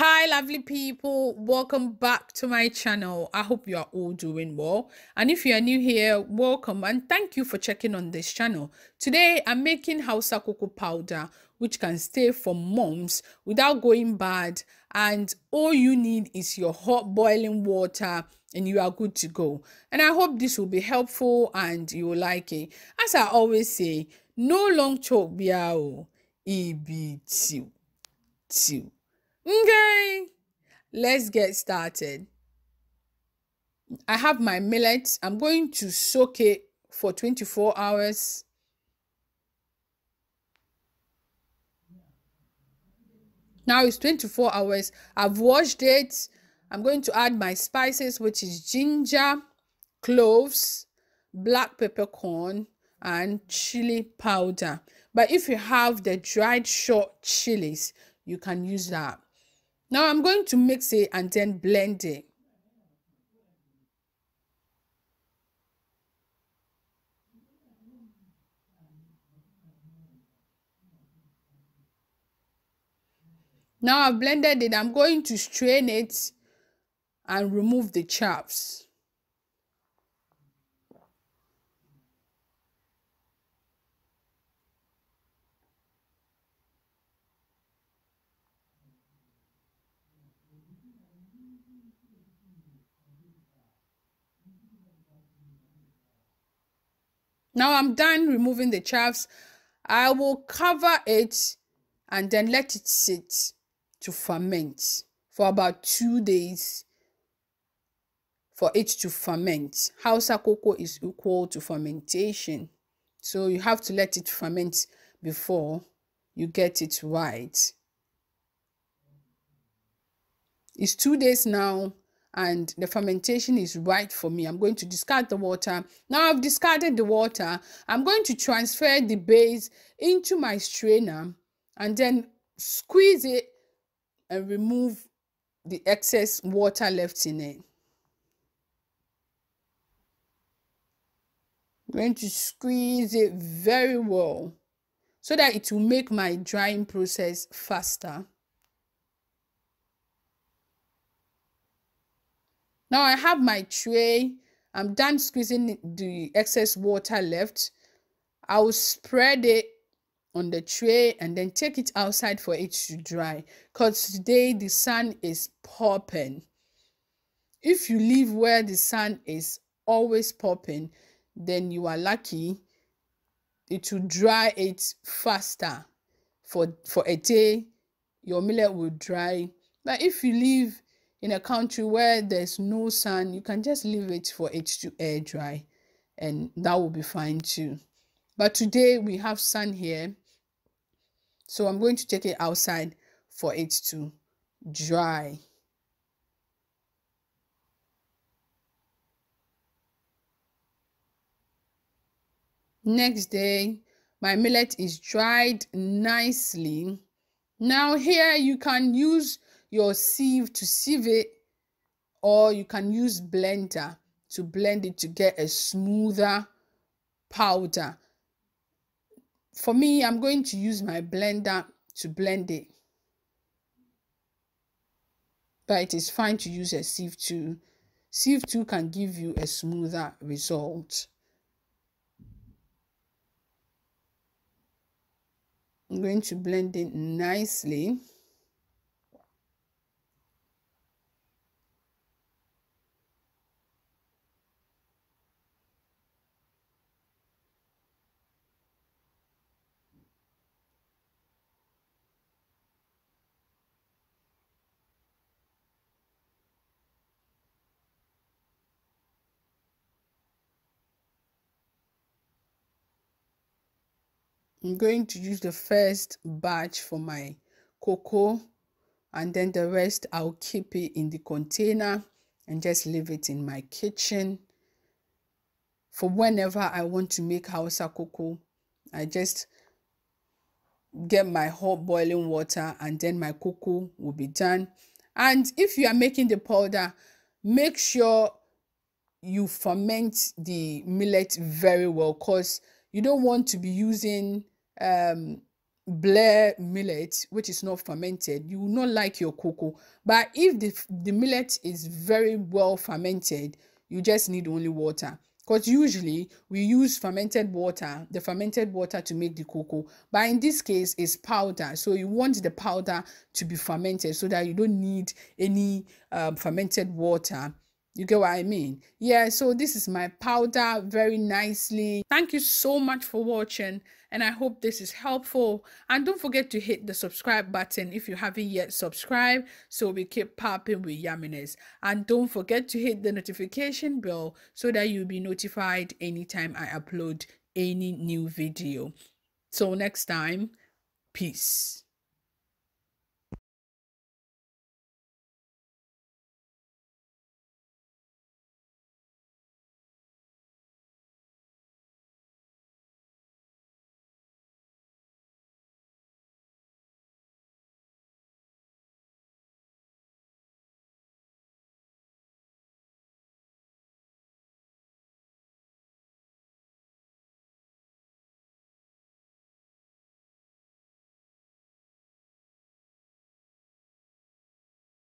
hi lovely people welcome back to my channel i hope you are all doing well and if you are new here welcome and thank you for checking on this channel today i'm making hausa cocoa powder which can stay for months without going bad and all you need is your hot boiling water and you are good to go and i hope this will be helpful and you will like it as i always say no long talk, biao ibi till Okay, let's get started. I have my millet. I'm going to soak it for 24 hours. Now it's 24 hours. I've washed it. I'm going to add my spices, which is ginger, cloves, black peppercorn, and chili powder. But if you have the dried short chilies, you can use that. Now I'm going to mix it and then blend it. Now I've blended it, I'm going to strain it and remove the chaps. Now I'm done removing the chaffs. I will cover it and then let it sit to ferment for about two days for it to ferment. Hausa cocoa is equal to fermentation. So you have to let it ferment before you get it right. It's two days now and the fermentation is right for me. I'm going to discard the water. Now I've discarded the water. I'm going to transfer the base into my strainer and then squeeze it and remove the excess water left in it. I'm going to squeeze it very well so that it will make my drying process faster. Now I have my tray. I'm done squeezing the excess water left. I will spread it on the tray and then take it outside for it to dry because today the sun is popping. If you live where the sun is always popping, then you are lucky. It will dry it faster. For, for a day, your millet will dry. But if you live in a country where there's no sun, you can just leave it for it to air dry and that will be fine too. But today we have sun here. So I'm going to take it outside for it to dry. Next day, my millet is dried nicely. Now here you can use your sieve to sieve it or you can use blender to blend it to get a smoother powder. For me, I'm going to use my blender to blend it. But it is fine to use a sieve too. Sieve too can give you a smoother result. I'm going to blend it nicely. I'm going to use the first batch for my cocoa and then the rest I'll keep it in the container and just leave it in my kitchen for whenever I want to make Hausa cocoa I just get my hot boiling water and then my cocoa will be done and if you are making the powder make sure you ferment the millet very well because you don't want to be using um, blair millet which is not fermented you will not like your cocoa but if the, the millet is very well fermented you just need only water because usually we use fermented water the fermented water to make the cocoa but in this case it's powder so you want the powder to be fermented so that you don't need any um, fermented water you get what i mean yeah so this is my powder very nicely thank you so much for watching and i hope this is helpful and don't forget to hit the subscribe button if you haven't yet subscribed so we keep popping with yumminess and don't forget to hit the notification bell so that you'll be notified anytime i upload any new video so next time peace